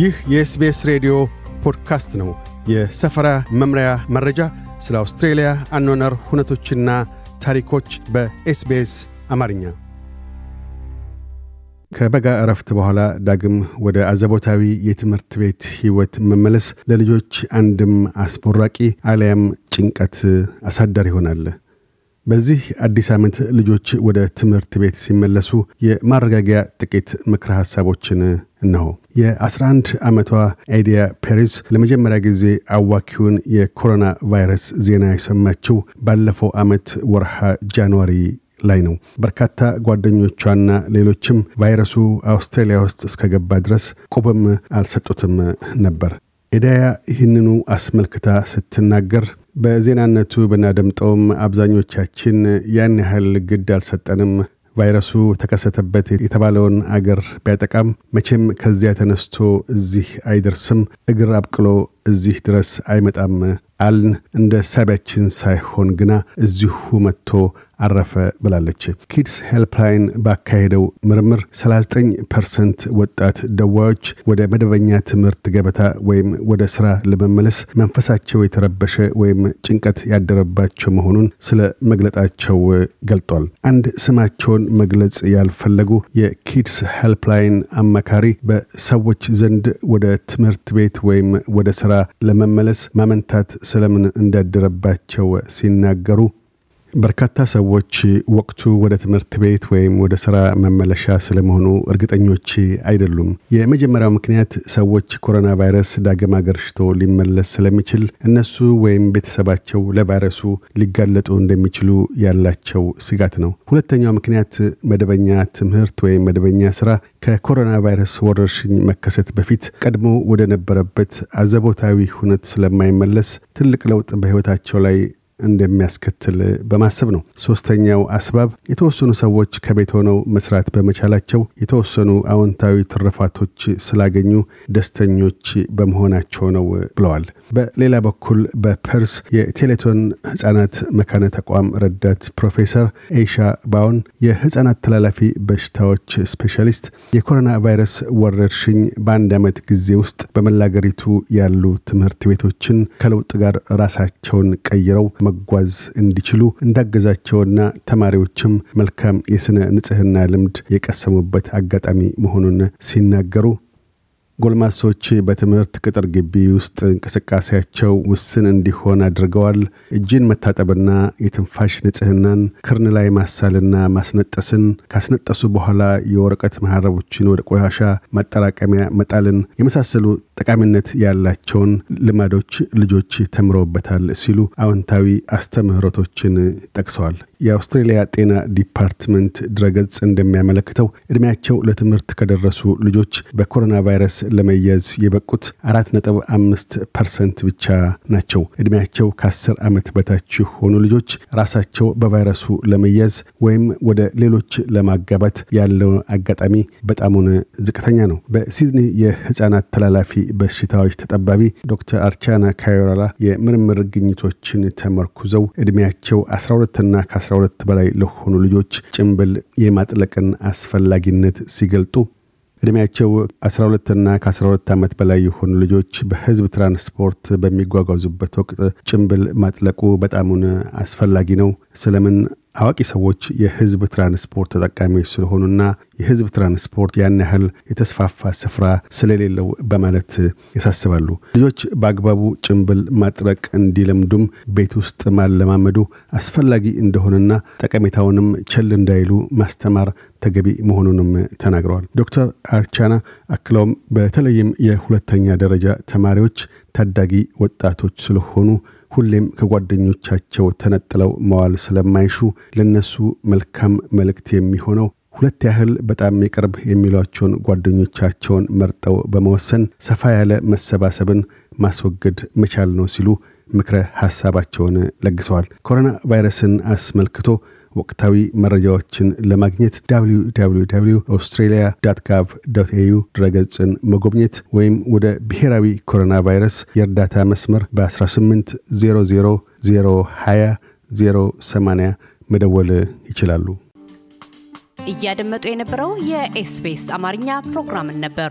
ይህ የኤስቤስ ሬዲዮ ፖድካስት ነው። የሰፈራ መምሪያ መረጃ፣ ስለ አውስትሬልያ አኗነር ሁነቶችና ታሪኮች በኤስቤስ አማርኛ። ከበጋ እረፍት በኋላ ዳግም ወደ አዘቦታዊ የትምህርት ቤት ሕይወት መመለስ ለልጆች አንድም አስቦራቂ አሊያም ጭንቀት አሳደር ይሆናል። በዚህ አዲስ ዓመት ልጆች ወደ ትምህርት ቤት ሲመለሱ የማረጋጊያ ጥቂት ምክረ ሐሳቦችን እነሆ። የ11 ዓመቷ አይዲያ ፔሪስ ለመጀመሪያ ጊዜ አዋኪውን የኮሮና ቫይረስ ዜና የሰማችው ባለፈው ዓመት ወርሃ ጃንዋሪ ላይ ነው። በርካታ ጓደኞቿና ሌሎችም ቫይረሱ አውስትራሊያ ውስጥ እስከገባ ድረስ ቁብም አልሰጡትም ነበር። ኤዳያ ይህንኑ አስመልክታ ስትናገር በዜናነቱ ብናደምጠውም አብዛኞቻችን ያን ያህል ግድ አልሰጠንም ቫይረሱ ተከሰተበት የተባለውን አገር ቢያጠቃም መቼም ከዚያ ተነስቶ እዚህ አይደርስም፣ እግር አብቅሎ እዚህ ድረስ አይመጣም አልን። እንደ ሳቢያችን ሳይሆን ግና እዚሁ መጥቶ አረፈ ብላለች። ኪድስ ሄልፕላይን ባካሄደው ምርምር 39 ፐርሰንት ወጣት ደዋዮች ወደ መደበኛ ትምህርት ገበታ ወይም ወደ ስራ ለመመለስ መንፈሳቸው የተረበሸ ወይም ጭንቀት ያደረባቸው መሆኑን ስለ መግለጣቸው ገልጧል። አንድ ስማቸውን መግለጽ ያልፈለጉ የኪድስ ሄልፕላይን አማካሪ በሰዎች ዘንድ ወደ ትምህርት ቤት ወይም ወደ ስራ ለመመለስ ማመንታት ስለምን እንዳደረባቸው ሲናገሩ በርካታ ሰዎች ወቅቱ ወደ ትምህርት ቤት ወይም ወደ ስራ መመለሻ ስለመሆኑ እርግጠኞች አይደሉም። የመጀመሪያው ምክንያት ሰዎች ኮሮና ቫይረስ ዳግም አገርሽቶ ሊመለስ ስለሚችል እነሱ ወይም ቤተሰባቸው ለቫይረሱ ሊጋለጡ እንደሚችሉ ያላቸው ስጋት ነው። ሁለተኛው ምክንያት መደበኛ ትምህርት ወይም መደበኛ ስራ ከኮሮና ቫይረስ ወረርሽኝ መከሰት በፊት ቀድሞ ወደ ነበረበት አዘቦታዊ ሁነት ስለማይመለስ ትልቅ ለውጥ በህይወታቸው ላይ እንደሚያስከትል በማሰብ ነው። ሶስተኛው አስባብ የተወሰኑ ሰዎች ከቤት ሆነው መስራት በመቻላቸው የተወሰኑ አዎንታዊ ትርፋቶች ስላገኙ ደስተኞች በመሆናቸው ነው ብለዋል። በሌላ በኩል በፐርስ የቴሌቶን ህጻናት መካነ ተቋም ረዳት ፕሮፌሰር ኤሻ ባውን የህጻናት ተላላፊ በሽታዎች ስፔሻሊስት የኮሮና ቫይረስ ወረርሽኝ በአንድ ዓመት ጊዜ ውስጥ በመላገሪቱ ያሉ ትምህርት ቤቶችን ከለውጥ ጋር ራሳቸውን ቀይረው መጓዝ እንዲችሉ እንዳገዛቸውና ተማሪዎችም መልካም የሥነ ንጽህና ልምድ የቀሰሙበት አጋጣሚ መሆኑን ሲናገሩ ጎልማሶች በትምህርት ቅጥር ግቢ ውስጥ እንቅስቃሴያቸው ውስን እንዲሆን አድርገዋል። እጅን መታጠብና የትንፋሽ ንጽህናን፣ ክርን ላይ ማሳልና ማስነጠስን፣ ካስነጠሱ በኋላ የወረቀት መሐረቦችን ወደ ቆሻሻ ማጠራቀሚያ መጣልን የመሳሰሉ ጠቃሚነት ያላቸውን ልማዶች ልጆች ተምረውበታል ሲሉ አዎንታዊ አስተምህሮቶችን ጠቅሰዋል። የአውስትሬልያ ጤና ዲፓርትመንት ድረገጽ እንደሚያመለክተው እድሜያቸው ለትምህርት ከደረሱ ልጆች በኮሮና ቫይረስ ለመያዝ የበቁት አራት ነጥብ አምስት ፐርሰንት ብቻ ናቸው። እድሜያቸው ከአስር ዓመት በታች የሆኑ ልጆች ራሳቸው በቫይረሱ ለመያዝ ወይም ወደ ሌሎች ለማጋባት ያለው አጋጣሚ በጣሙን ዝቅተኛ ነው። በሲድኒ የህፃናት ተላላፊ በሽታዎች ተጠባቢ ዶክተር አርቻና ካዮራላ የምርምር ግኝቶችን ተመርኩዘው እድሜያቸው 12ና ከ12 በላይ ለሆኑ ልጆች ጭንብል የማጥለቅን አስፈላጊነት ሲገልጡ እድሜያቸው 12ና ከ12 ዓመት በላይ የሆኑ ልጆች በህዝብ ትራንስፖርት በሚጓጓዙበት ወቅት ጭንብል ማጥለቁ በጣሙን አስፈላጊ ነው። ስለምን አዋቂ ሰዎች የህዝብ ትራንስፖርት ተጠቃሚዎች ስለሆኑና የህዝብ ትራንስፖርት ያን ያህል የተስፋፋ ስፍራ ስለሌለው በማለት ያሳስባሉ። ልጆች በአግባቡ ጭንብል ማጥረቅ እንዲለምዱም ቤት ውስጥ ማለማመዱ አስፈላጊ እንደሆነና ጠቀሜታውንም ቸል እንዳይሉ ማስተማር ተገቢ መሆኑንም ተናግረዋል። ዶክተር አርቻና አክለውም በተለይም የሁለተኛ ደረጃ ተማሪዎች ታዳጊ ወጣቶች ስለሆኑ ሁሌም ከጓደኞቻቸው ተነጥለው መዋል ስለማይሹ ለነሱ መልካም መልእክት የሚሆነው ሁለት ያህል በጣም የቅርብ የሚሏቸውን ጓደኞቻቸውን መርጠው በመወሰን ሰፋ ያለ መሰባሰብን ማስወገድ መቻል ነው ሲሉ ምክረ ሐሳባቸውን ለግሰዋል። ኮሮና ቫይረስን አስመልክቶ ወቅታዊ መረጃዎችን ለማግኘት www ኦስትሬሊያ ዳት ጋቭ ዶት ኤዩ ድረገጽን መጎብኘት ወይም ወደ ብሔራዊ ኮሮና ቫይረስ የእርዳታ መስመር በ1800 080 መደወል ይችላሉ። እያደመጡ የነበረው የኤስፔስ አማርኛ ፕሮግራምን ነበር።